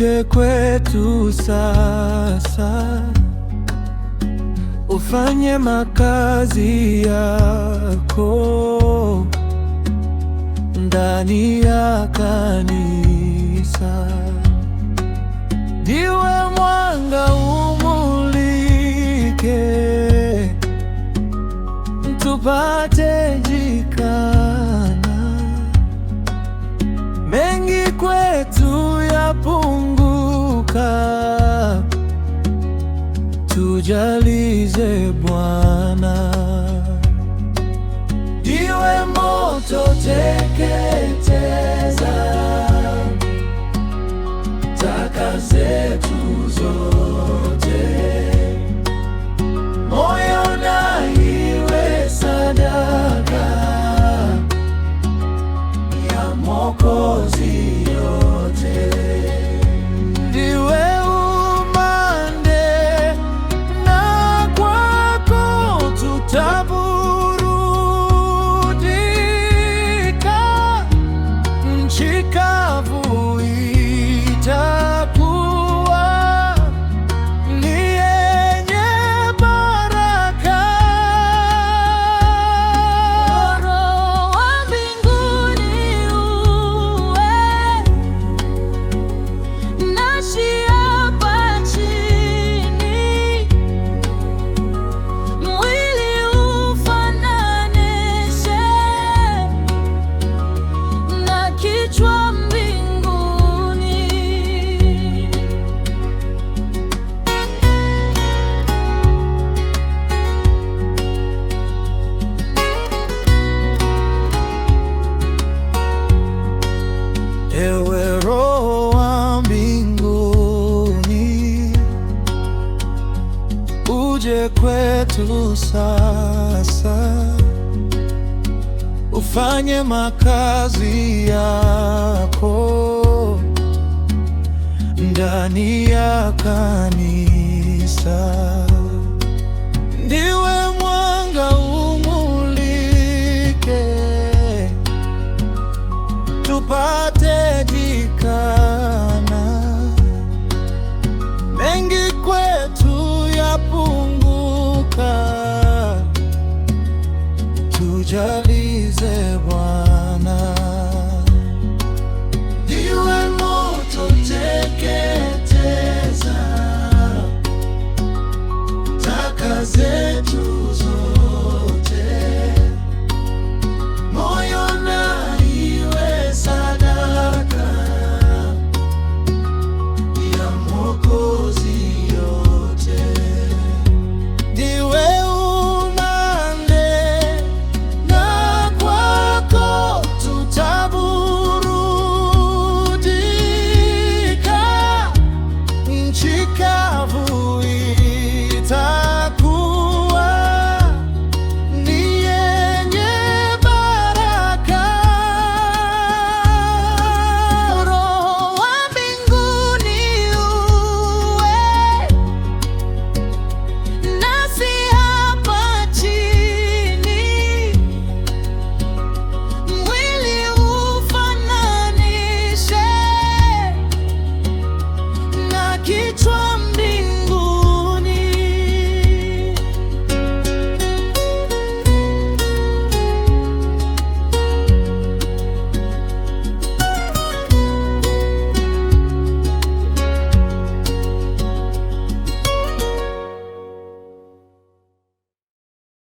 uje kwetu sasa, ufanye makazi yako ndani ya kanisa, ndiwe mwanga umulike, tupate jikana mengi kwetu yanapunguka, tujalize Bwana, ndiwe moto teketeza taka zetu zote. uje kwetu sasa, ufanye makazi yako ndani ya kanisa. Ndiwe mwanga umulike tupate